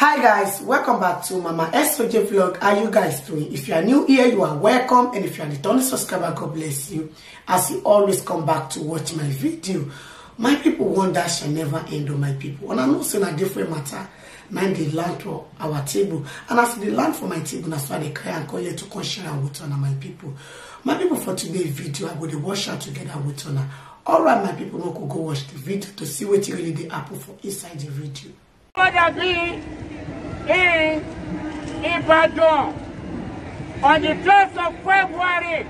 hi guys welcome back to mama soj vlog how you guys doing if you are new here you are welcome and if you are the only subscriber god bless you as you always come back to watch my video my people want that shall never end on oh my people and I'm know saying a different matter mind the land for our table and as the land for my table that's why they cry and call you to come share with honor my people my people for today's video i to wash out together with honor all right my people no could go watch the video to see what really they happen for inside the video in Ibadan. On the 1st of February,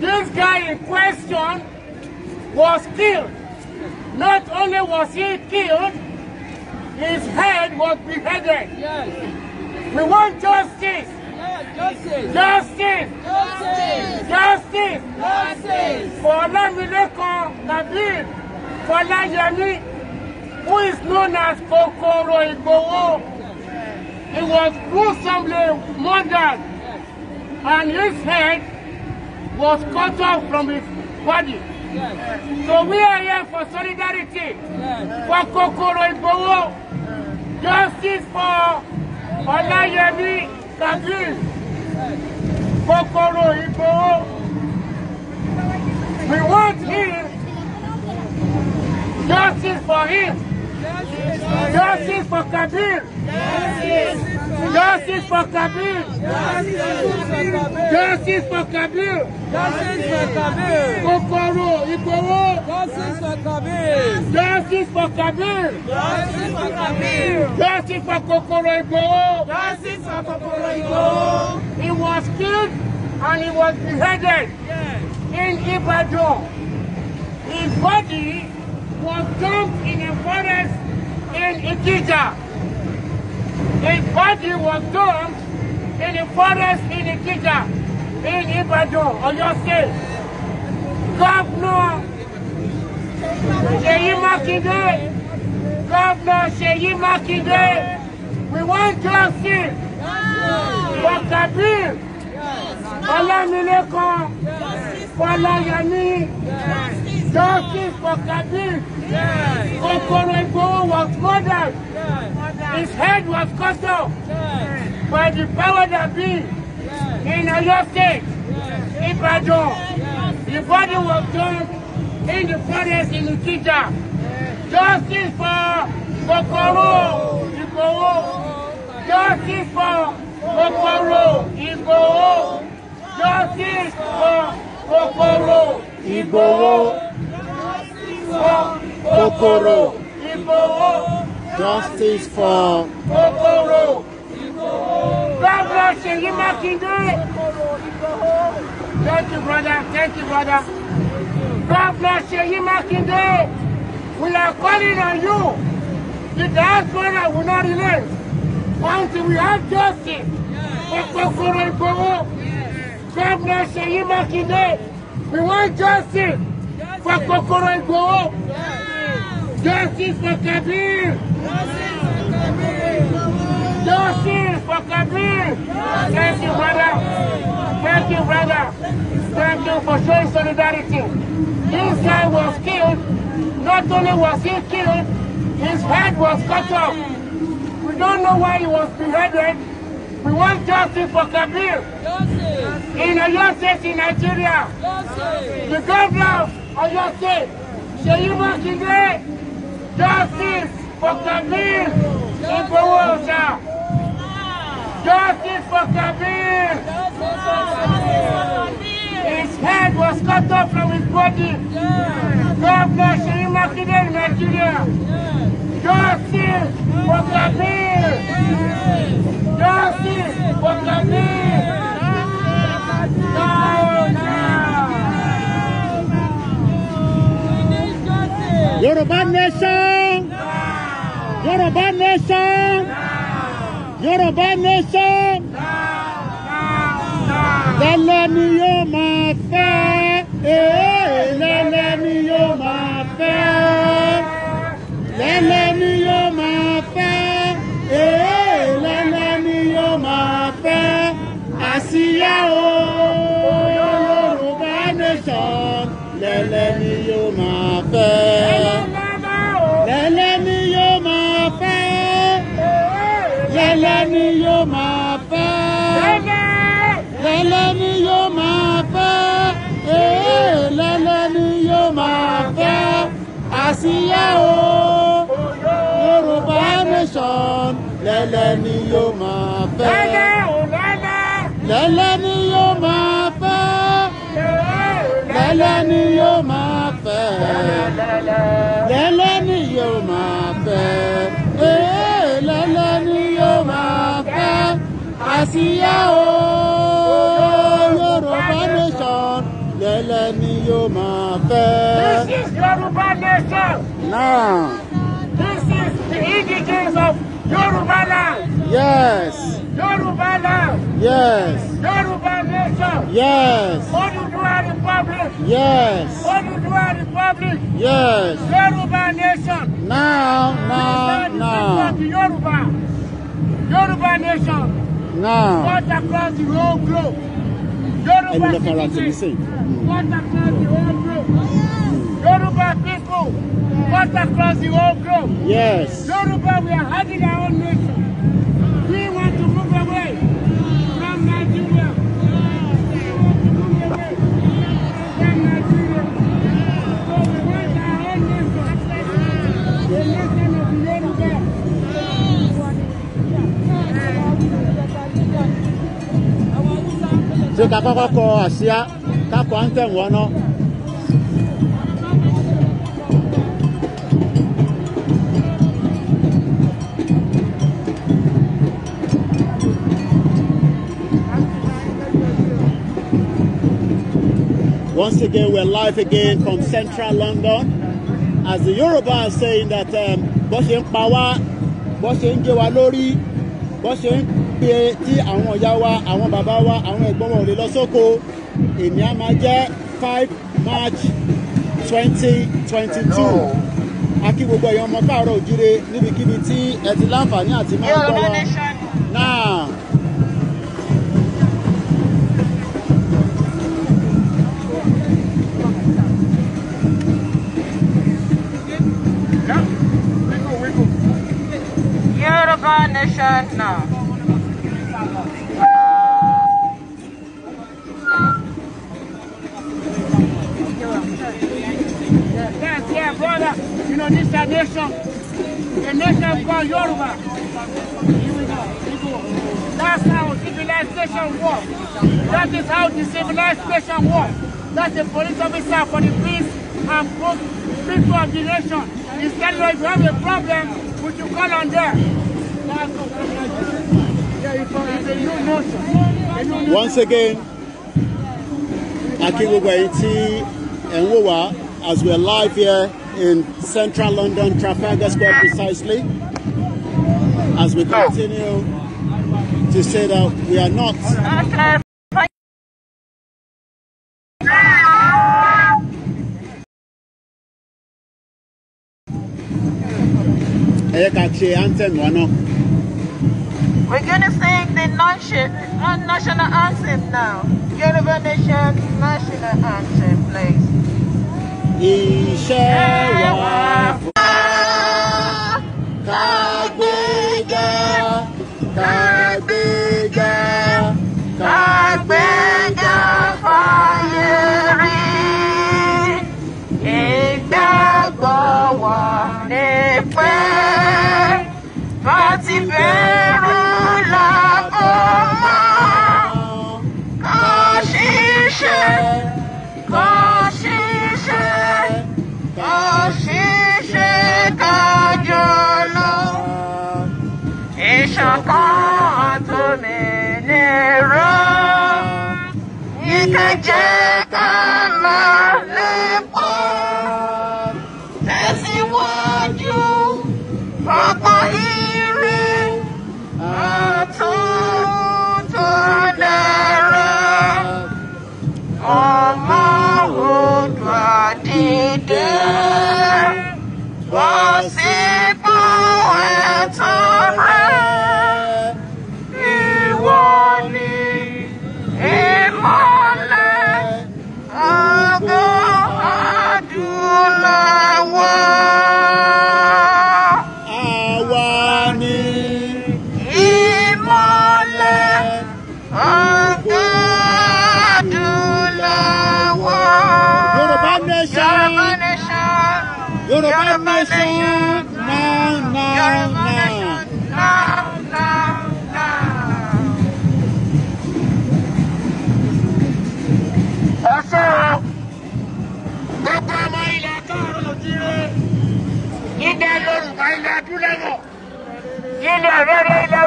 this guy in question was killed. Not only was he killed, his head was beheaded. Yes. We want justice. Justice! Justice! Justice! Justice! Justice! For Lamileko Nabil, for Layani who is known as Kokoro Igboho. He was gruesomely murdered and his head was cut off from his body. So we are here for solidarity, for Kokoro Igboho, justice for Olayemi Kabir, Kokoro Igboho. We want him, justice for him. Justice for Kabir! Justice for Kabir! Justice for Kabir! Justice for Kabir! Kokoro, Ikoro! Justice for Kabir! Justice for Kabir! Justice for Kabir! Justice for Kokoro Ikoro! Justice for Kokoro Ikoro! He was killed and he was beheaded in Ibadan. His body was dumped in Ikija. A body was dumped in the forest in Ikija, in Ibadu, Ibadan, Oyo State. Governor Seyi Makinde, Governor Seyi Makinde, we want justice for Kabir, Olamilekan, Falayani, Justice for Kabir. Yes. Okoro was murdered. Yes. His head was cut off yes. by the power that be yes. in Oyo State, yes. Ibadan. Yes. The body was dumped in the forest in Ikija. Yes. Justice for Okoro Igboho. Justice for Okoro Igboho. Justice for Okoro Igboho. Kokoro. Justice for Kokoro. God bless you, Thank you, brother. Thank you, brother. God bless you, Makinde. We are calling on you. The diaspora will not relent until we have justice for Kokoro Igboho. God bless you, Makinde. We want justice for Kokoro Igboho. Justice for Kabir! Justice for Kabir! Justice for Kabir! Thank you, brother. Thank you, brother. Thank you for showing solidarity. This guy was killed. Not only was he killed, his head was cut off. We don't know why he was beheaded. We want justice for Kabir. Justice. In Oyo State, in Nigeria. Justice. The governor of Oyo State, Sheyi Makinde, Justice for Kabir Ibowosa. Justice for Kabir. His head was cut off from his body. Governor Sheyi Makinde in Nigeria. Justice for Kabir. Justice for Kabir. No, no. Yoruba nation. Now. Yoruba nation. Now. Yoruba nation. Now. Lẹ́lẹ́ ni yóò máa fẹ́. Lẹ́lẹ́ ni yóò máa fẹ́. Lẹ́lẹ́ ni yóò máa fẹ́. Lẹ́lẹ́ ni yóò máa fẹ́. Àsíá o. Yoruba nation. Lẹ́lẹ́. àsíá o yorùbá nation lẹ́lẹ́ ni yóò máa fẹ́. lẹ́lẹ́ ò lẹ́lẹ́. lẹ́lẹ́ ni yóò máa fẹ́. lẹ́lẹ́ ni yóò máa fẹ́. lẹ́lẹ́ ni yóò máa fẹ́. lẹ́lẹ́ ni yóò máa fẹ́. àsíá o. yóò máa fẹ́. This is Yoruba nation. Now. This is the indigenous of Yoruba land. Yes. Yoruba land. Yes. Yoruba nation. Yes. Oduduwa Republic. Yes. Oduduwa Republic. Yes. Yoruba nation. Now, now, now. Yoruba. Yoruba nation. Now. Right across the whole globe. and the Farah to be across the whole group. Yoruba people, cut across the whole group. Yes. Yoruba, we are having our own nation. We want to move away from Nigeria. nation. ṣé ká kọ́kọ́ kọ àsíá ká kọ anthem wọn náà. Once again, we're live again from central London. As the Yoruba are saying that, um, bó ṣe ń pa pé tí àwọn ìyá wa àwọn bàbá wa àwọn ẹ̀gbọ́n wa ò lè lọ sóko èmi á máa jẹ́ five march twenty twenty two akí gbogbo èèyàn ọmọ káàárọ̀ òjúre níbikíbi tí ẹ ti láǹfààní àti máa gbọ́ wa náà. Yoruba Nation now. Yoruba, Yoruba. Here we go. That's how civilization works. That is how the civilization works. That's the police officer for the peace and people of the nation. Instead of if you have a problem, would you call on them? Once again, Aki Wogwaiti and Wowa, as we are live here in central London, Trafalgar Square precisely, as we continue to say that we are not. We're going to sing the uh, national anthem now. Yoruba Nation national anthem, please. iṣẹ́ wa fún wa ká gbéga ká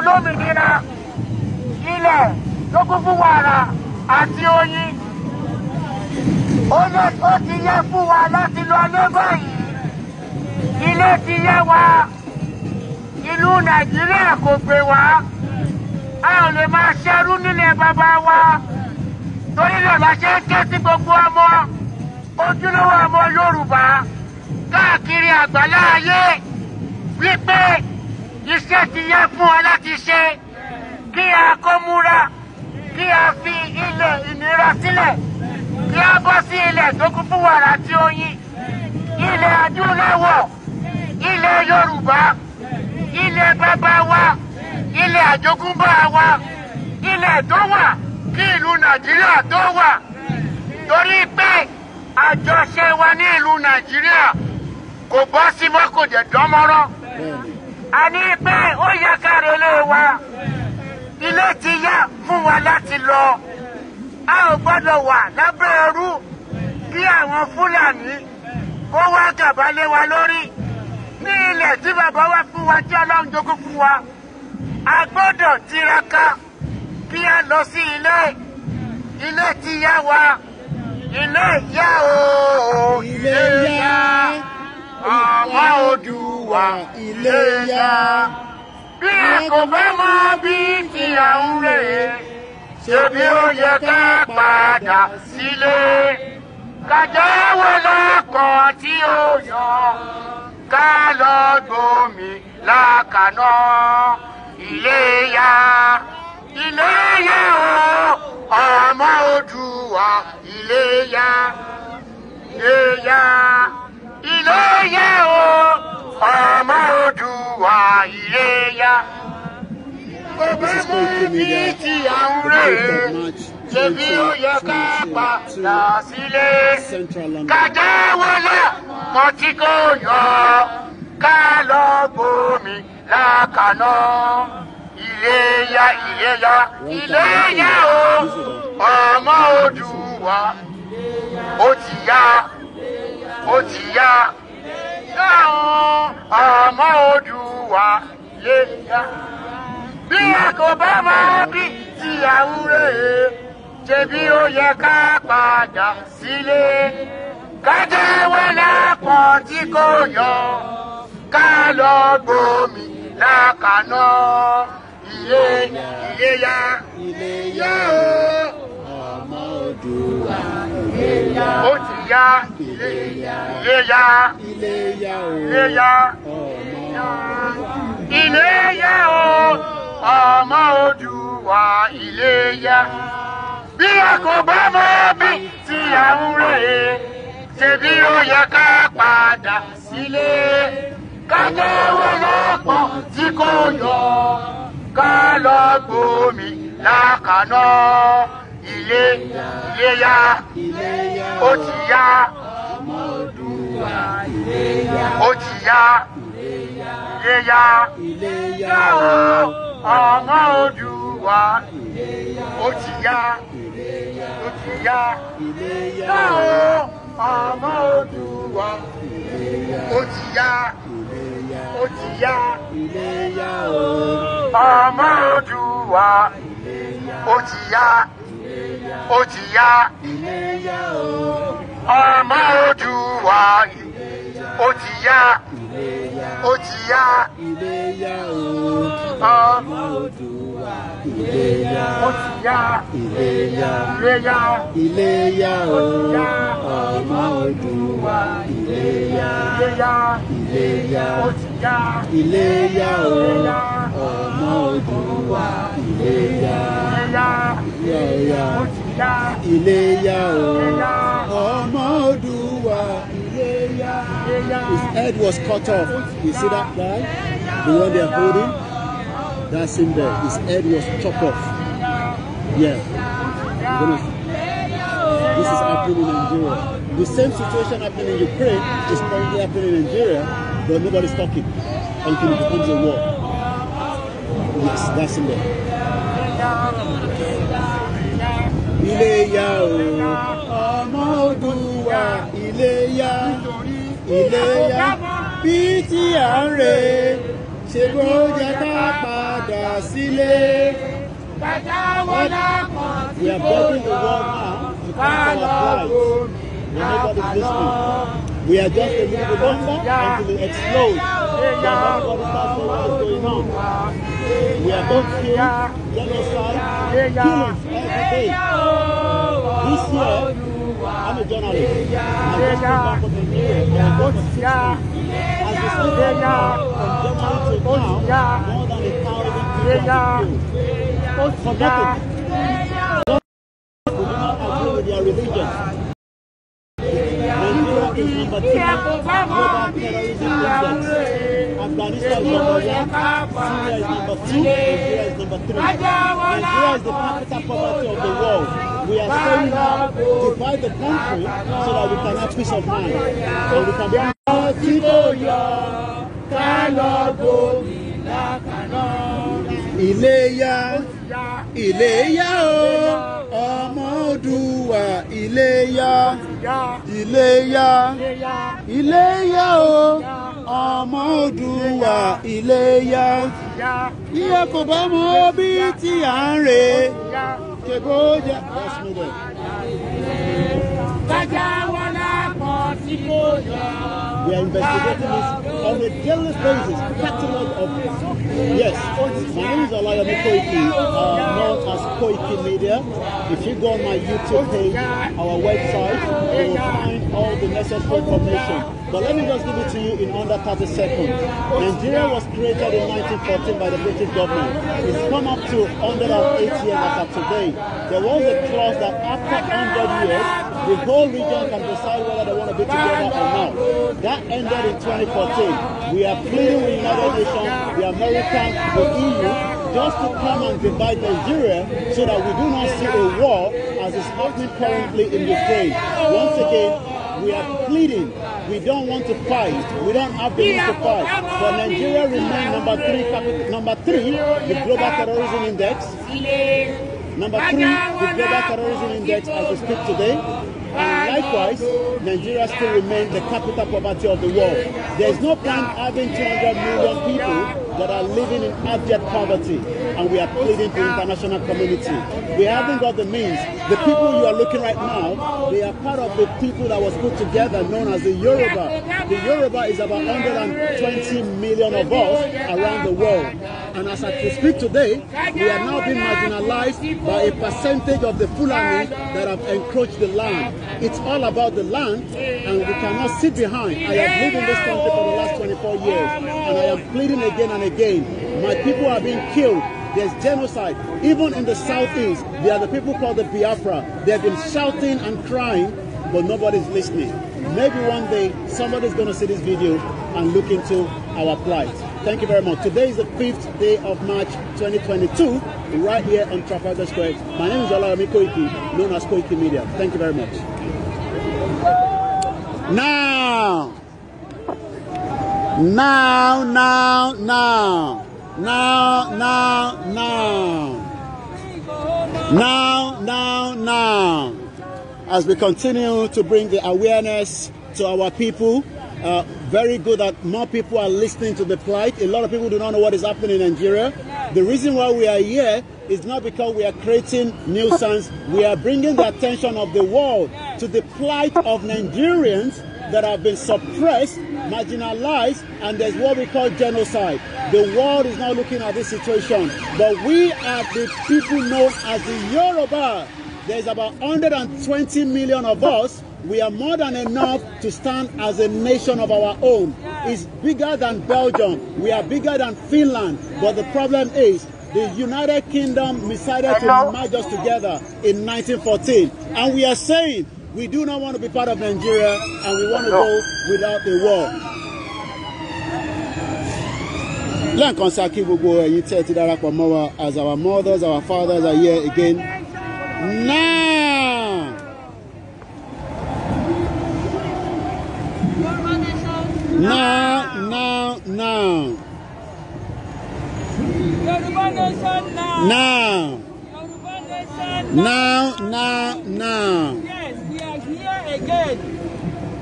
olómìnira ilẹ̀ tó kún fún wàrà àti oyin ó ti yẹ fún wa láti lọ lé báyìí ilé ti yẹ wa ìlú nàìjíríà kò gbé wa a ò lè máa ṣerú nílẹ̀ bàbá wa torí náà la ṣe ń ké sí gbogbo ọmọ ojúlówó ọmọ yorùbá káàkiri àgbàlá ayé wípé iṣẹ́ ti yẹ fún wa láti ṣe kí a kó múra kí a fi ilẹ̀ ìnira sílẹ̀ kí a bọ́ sí ilẹ̀ tó kún fún wàrà tí ó yín ilẹ̀ adúláwọ̀ ilẹ̀ yorùbá ilẹ̀ bàbá wa ilẹ̀ àjogúnbá wa ilẹ̀ tó wà kí ìlú nàìjíríà tó wà torí pé àjọṣe wa ní ìlú nàìjíríà kò bọ́ sí mọ́ dánmọ́rán àní pé ó yẹ káre ilé wa ilé ti yá fún wa láti lọ a ò gbọ́dọ̀ wà lábẹ́ ẹrú kí àwọn fúlàní kó wá gàba lé wa lórí ní ilẹ̀ tí bàbá wa fún wa tí ọlọ́run jogún fún wa a gbọ́dọ̀ tiraka kí a lọ sí ilé ilé ti yá wa ilé yá o ilé yá àwa Oòduà Iléyá. bí kò fẹ́ mọ bí tí à ń rè é ṣebí ó yẹ ká padà sílé. kàjáwé lọ́kàn tí ó yàn ká lọ gbomi lákàná Iléyá. Iléyá o ọmọ Oòduà Iléyá. Iléyá iléyá o ọmọ Oòduà iléyá. Òbẹ́mú ní ti àwọn rèé, ṣèbí ó yẹ ká padà sílé. Kàjá wọlé, mo ti kó yọ, ká lọ bomi lákàná. Iléyá iléyá iléyá o, ọmọ Oòduà ó ti yá ó ti yá dáhùn àmọ́ Odùwà lè yá bí a kò bá máa bí tí à ń rè é ṣebí ó yẹ ká padà sílé ká jẹ́wọ́ lápọ̀ tí kò yọ ká lọ gbòmí lákàná ilé iléyá iléyá o ọmọ Odùwà ó ti yá iléyá iléyá iléyá o ọmọ Odùwà iléyá bí a kò bá mọ bí tí a ń rè é ṣebí ó yẹ ká padà sílé ká náwó lọ́pọ̀ tí kò yọ ká lọ gbómi lákàná ilé iléyá ó ti yá ó ti yá iléyá yóò ọmọ Odùduwà ó ti yá ó ti yá yóò ọmọ Odùduwà ó ti yá ó ti yá ọmọ Odùduwà ó ti yá ó ti yá ọmọ ojú wa ó ti yá ó ti yá ọmọ ojú wa Ileya, Ileya, Ileya, ìléyá ìléyá ọmọ ojú wa ìléyá ìléyá ó ọmọ ojú iléyá ọmọ Odùwà iléyá. His head was cut off. You see that guy? The one they are holding? That's him there. His head was chopped off. Yeah. This is happening in Nigeria. The same situation happening in Ukraine is currently happening in Nigeria, but nobody's talking until it becomes a war. Yes, that's in there iléyá o ọmọ Odùwà iléyá iléyá bí tí à ń re ṣe bó jẹ ká padà sílé. bàtà wọlé kan tí kò lọ ká lọ bomi lápá lọ. We are just a little bit longer until it explodes. Yeah, yeah, yeah. We are both seeing genocide, killings every day. This year, I'm a journalist. I just came back from Nigeria for about As we speak right now, from January to now, more than a thousand people have been killed. Forgotten. Those who do not agree with their religion is number two global terrorism index. Afghanistan is number one, Syria is two. Nigeria is number the capital poverty of the world. We are saying now, divide the country so that we can have peace of mind. So we can be. Iléyá Iléyá o ọmọ Odùwà Iléyá Iléyá Iléyá bí ẹ kò bá mọ bí tí à ń rè kébó jẹ. Bàjá wọn lápọ̀ tí kò yọ. We are investigating this on a daily basis, catalogue of Yes, my name is Olayomi Koiki, uh, known as Koiki Media. If you go on my YouTube page, our website, you will find all the necessary information. But let me just give it to you in under 30 seconds. Nigeria was created in 1914 by the British government. It's come up to 108 years after today. There was a clause that after 100 years, the whole region can decide whether they want to be together or not. That ended in 2014. We are pleading with United Nations, the Americans, the EU, just to come and divide Nigeria so that we do not see a war as is happening currently in Ukraine. Once again, we are pleading. We don't want to fight. We don't have the means to fight. But Nigeria remains number three, number three, the global terrorism index. Number three, the global terrorism index as we speak today. Ah! Likewise, Nigeria still remains the capital poverty of the world. There is no plan having 200 million people that are living in abject poverty, and we are pleading to the international community. We haven't got the means. The people you are looking right now, they are part of the people that was put together known as the Yoruba. The Yoruba is about 120 million of us around the world. And as I speak today, we are now being marginalized by a percentage of the Fulani that have encroached the land. It's all about the land and we cannot sit behind. I have lived in this country for the last 24 years and I am pleading again and again. My people are being killed. There's genocide. Even in the southeast, there are the people called the Biafra. They've been shouting and crying, but nobody's listening. Maybe one day somebody's going to see this video and look into our plight. Thank you very much. Today is the fifth day of March 2022, right here on Trafalgar Square. My name is Olayemi Koiki, known as Koiki Media. Thank you very much. Now. Now, now, now. Now, now, now. Now, now, now. As we continue to bring the awareness to our people, uh, very good that more people are listening to the plight. A lot of people do not know what is happening in Nigeria. The reason why we are here is not because we are creating nuisance. We are bringing the attention of the world to the plight of Nigerians that have been suppressed, marginalized, and there's what we call genocide. The world is not looking at this situation. But we are the people known as the Yoruba. There's about 120 million of us we are more than enough to stand as a nation of our own. It's bigger than Belgium. We are bigger than Finland. But the problem is the United Kingdom decided to merge us together in 1914. And we are saying we do not want to be part of Nigeria and we want to go without a war. as our mothers, our fathers are here again. Now, Now, now, now. Yoruba Nation now. Now. Yoruba Nation now. Now, now, now. Yes, we are here again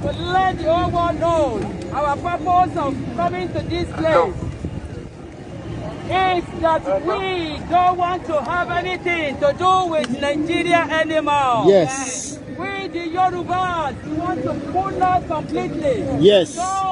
to let the whole world know our purpose of coming to this place is that we don't want to have anything to do with Nigeria anymore. Yes. We, the Yorubas, we want to pull out completely. Yes. So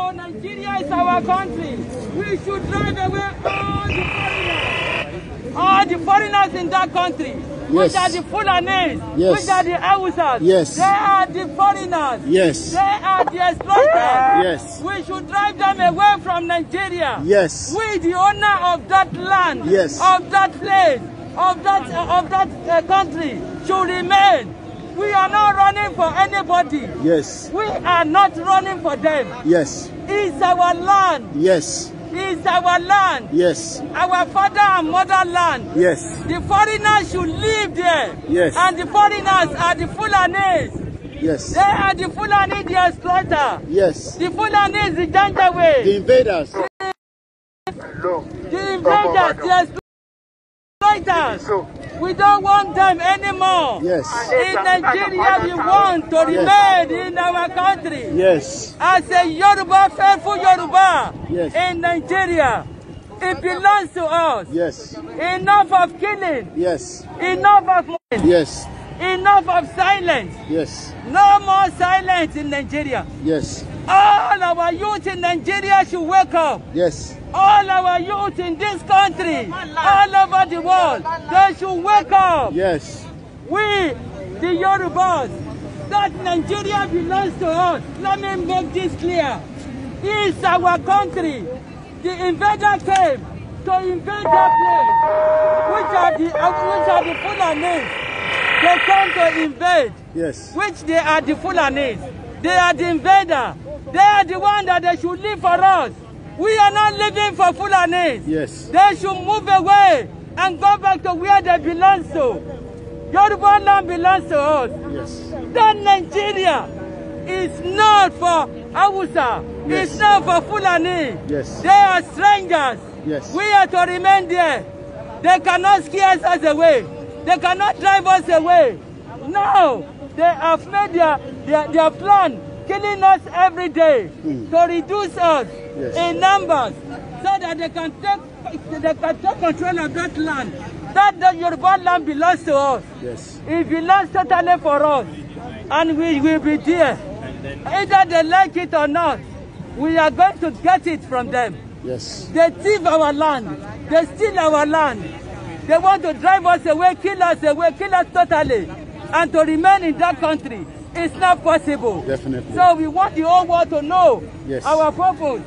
is our country. We should drive away all the foreigners. All the foreigners in that country. Yes. Which are the Fulanese. Yes. Which are the Hausas. Yes. They are the foreigners. Yes. They are the exploiters. Yes. We should drive them away from Nigeria. Yes. We the owner of that land. Yes. Of that place. Of that, uh, of that uh, country should remain. We are not running for anybody. Yes. We are not running for them. Yes. It's our land. Yes. It's our land. Yes. Our father and mother land. Yes. The foreigners should live there. Yes. And the foreigners are the Fulanis. Yes. They are the Fulani, they are slaughter. Yes. The Fulani is the Janjaweed. The invaders. The, invaders, they are slaughters. We don't want them anymore. Yes. In Nigeria, we want to remain yes. in our country. Yes. As a Yoruba, faithful Yoruba yes. in Nigeria. It belongs to us. Yes. Enough of killing. Yes. Enough of killing. Yes. Enough of silence. Yes. No more silence in Nigeria. Yes. All our youth in Nigeria should wake up. Yes. All our youth in this country, all over the world, they should wake up. Yes. We, the Yorubas, that Nigeria belongs to us. Let me make this clear. It's our country. The invader came to invade that place, which are the, which are the Fulanis. They come to invade, yes. which they are the Fulanis. They are the invader. They are the one that they should live for us. We are not living for Fulanis. Yes. They should move away and go back to where they belong to. Yoruba land belongs to us. Yes. That Nigeria is not for Awusa. Yes. It's not for Fulani. Yes. They are strangers. Yes. We are to remain there. They cannot scare us away. They cannot drive us away. No. They have made their, their, their plan, killing us every day mm. to reduce us yes. in numbers so that they can take, they can take control of that land. That the Yoruba land belongs to us. Yes. It belongs totally for us. And we will be there. Either they like it or not, we are going to get it from them. Yes. They thief our land. They steal our land. They want to drive us away, kill us away, kill us totally and to remain in that country. It's not possible. Definitely. So we want the whole world to know yes. our purpose.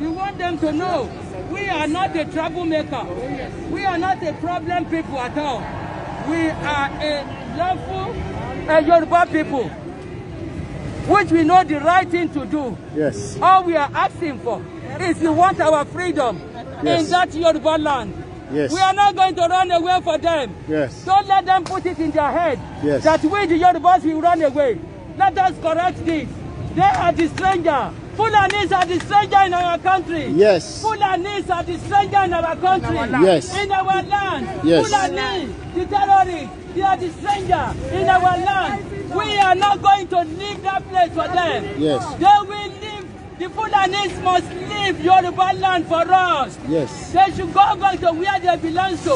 We want them to know we are not a troublemaker. We are not a problem people at all. We are a lawful a Yoruba people, which we know the right thing to do. Yes. All we are asking for is we want our freedom yes. in that Yoruba land. Yes. We are not going to run away for them. Yes. Don't let them put it in their head yes. that we, the Yorubas, will run away. Let us correct this. They are the stranger. Fulanis are the stranger in our country. Yes. Fulanis are the stranger in our country. In our yes. In our land. Yes. Fulanis, the terrorists, they are the stranger in our land. We are not going to leave that place for them. Yes. They will The Fulanis must leave Yoruba land for us. Yes. They should go back to where they belong to.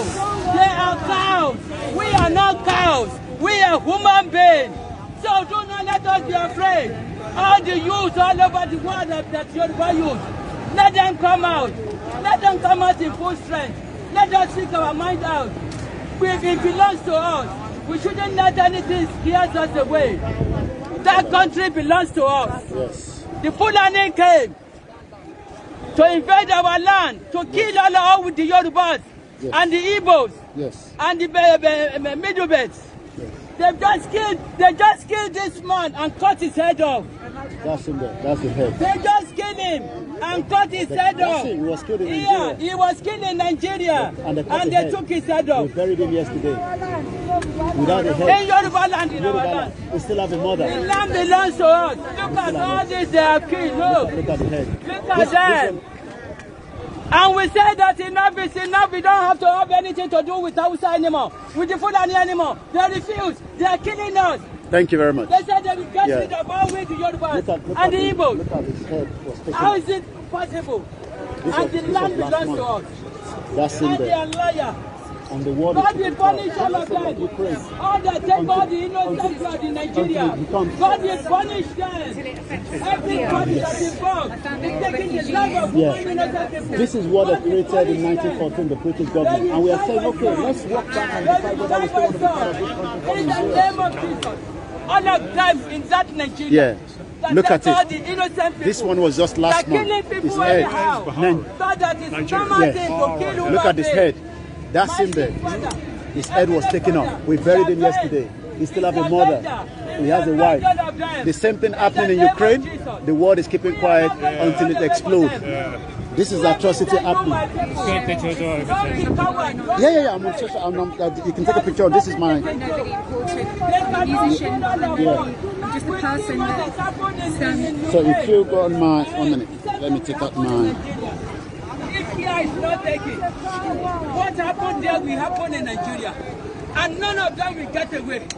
They are cows. We are not cows. We are human beings. So do not let us be afraid. All the youth all over the world that Yoruba youth, let them come out. Let them come out in full strength. Let us seek our mind out. We, it belongs to us. We shouldn't let anything scare us away. That country belongs to us. Yes. The Fulani came to invade our land, to kill all our with the Yorubas yes. and the Igbos yes. and the uh, uh, uh, uh Middle Beds. Yes. They just killed. They just killed this man and cut his head off. That's in That's his head. They just killed him and cut his head off. He was killed in yeah, he was killed in Nigeria. And they, and they took his head off. We buried him yesterday. Without a head. In Yoruba land, in Yoruba land. We still have a mother. The land belongs to us. Look at all this they have killed. Look. Look at the head. Look at this, them. This and we say that enough is enough. We don't have to have anything to do with Hausa anymore, with the Fulani anymore. They refuse. They are killing us. Thank you very much. They said yeah. rid of look at, look and the How is it possible? This and was, the land belongs to us. That's and they are liars. the world God will punish all of them. All the take all the innocent blood in Nigeria. God will punish them. Everybody that is involved is taking the life of yes. innocent people. This is what they created in 1914, the British government. And we are saying, okay, let's walk back and decide what we want to In the name of Jesus all of them in that Nigeria. Yeah. That Look at it. this one was just last month. His head. Look at his head. That's him there. His head was taken off. We buried him yesterday. He still has a mother. He has a wife. The same thing happening in Ukraine. The world is keeping quiet until it explodes. This is atrocity happening. Yeah, yeah, yeah. I'm, I'm, I'm, I'm, uh, you can take a picture. This is my. so if you go on my, one minute. Let me take out my. is not taking. What happened there will happen in Nigeria. And none of them will get away.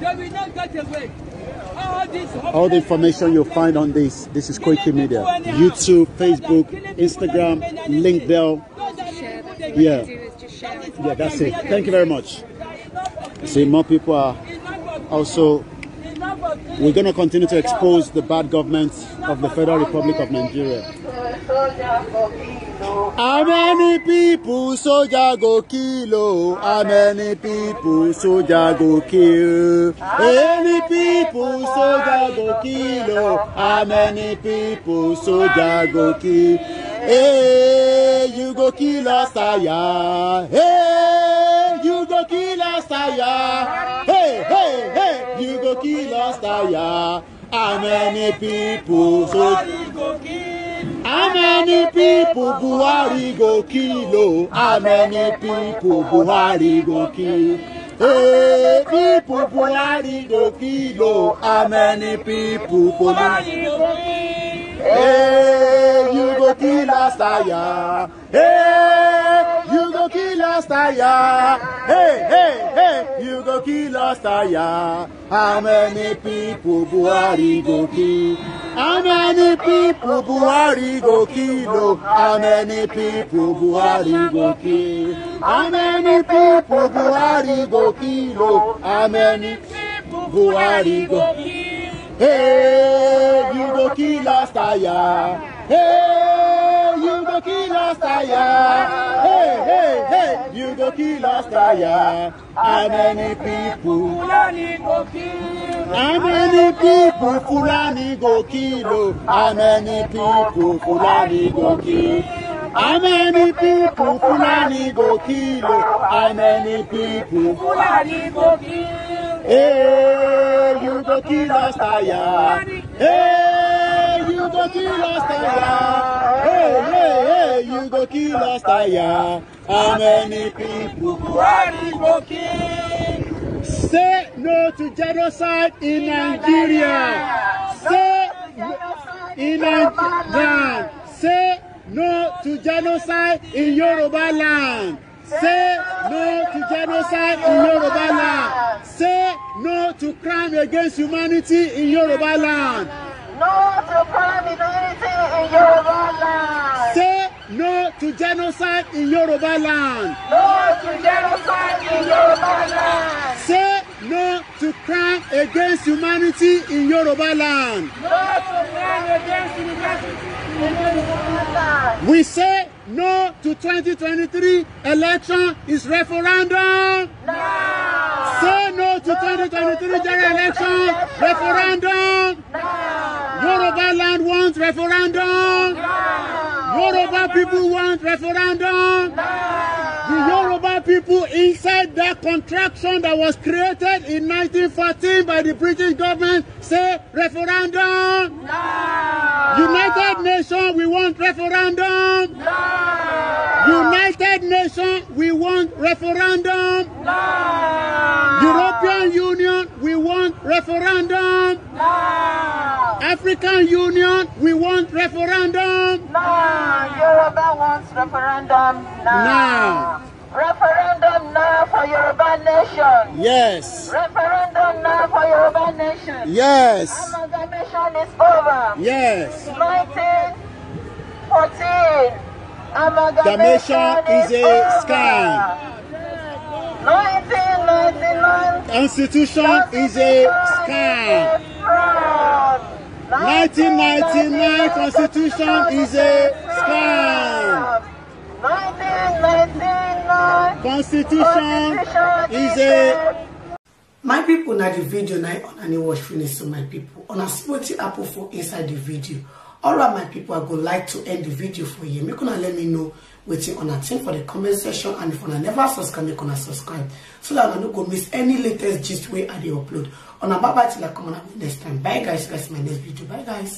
They will not get away. all the information you'll find on this. This is Koiki Media. YouTube, Facebook, Instagram, link Yeah. Yeah, that's it. Thank you very much. See, more people are also... We're going to continue to expose the bad government of the Federal Republic of Nigeria. How many people soja go kill? How many people soja go kill? How many people soja go kill? How many people soja go kill? Hey, eh, you go kill us, Aya. Hey, eh, you go kill us, Aya. Hey, hey, hey, you go kill us, Aya. How many people soldier? How many people Buhari go kill? How many people Buhari go kill? Hey, eh, people Buhari go kill. How many people Buhari go kill? Hey, eh, you go kill us, yeah. Hey go kill us tire. Hey, hey, hey, you go kill us tire. How many people Buhari go kill? How many people Buhari go kill? Oh? How many people Buhari go kill? How many people Buhari go kill? Oh? How many people Buhari go kill? Hey, you go kill us tire. Hey, you go kill us tire. Kogi people? Fulani go kill. How many people Fulani go kill? How many people Fulani go kill? How many people Fulani go kill? How many people Fulani go kill? Hey, you go kill staya. Hey, you go kill staya. Hey, hey, hey, you go kill us tire. How many people who are invoking? Say no to genocide in, in Nigeria. Nigeria. Say no in Nigeria. Say no to genocide in Yoruba land. Say no to genocide in Yoruba land. Say no to crime against humanity in Yoruba land. No to crime against humanity in Yoruba land. Say to genocide in Yoruba land. No to genocide in Yoruba land. Say no to crime against humanity in Yoruba land. No to crime against humanity in Yoruba land. We say no to 2023 election is referendum. No. Say no to 2023 general election referendum. No. Yoruba land wants referendum. No. Yoruba people want referendum. The Yoruba people inside that contraction that was created in 1914 by the British government say referendum. United Nations, we want referendum. United Nations, we want referendum. European Union, we want referendum. African Union, we want referendum referendum now. now. Referendum now for Yoruba nation. Yes. Referendum now for Yoruba nation. Yes. Amalgamation is over. Yes. 1914. Amalgamation is, is a over. scam. 1999 Constitution, Constitution is a scam. 1999 Constitution is a Constitution is a my people now the video na una dey watch finish so my people una see wetin happen for inside the video all right my people i would like to end the video for you. make una let me know on a think for the comment section and if una never subscribe make una subscribe so that una don't go miss any latest gist way i dey upload On a bye bye till i come una next time bye guys guys my next video bye guys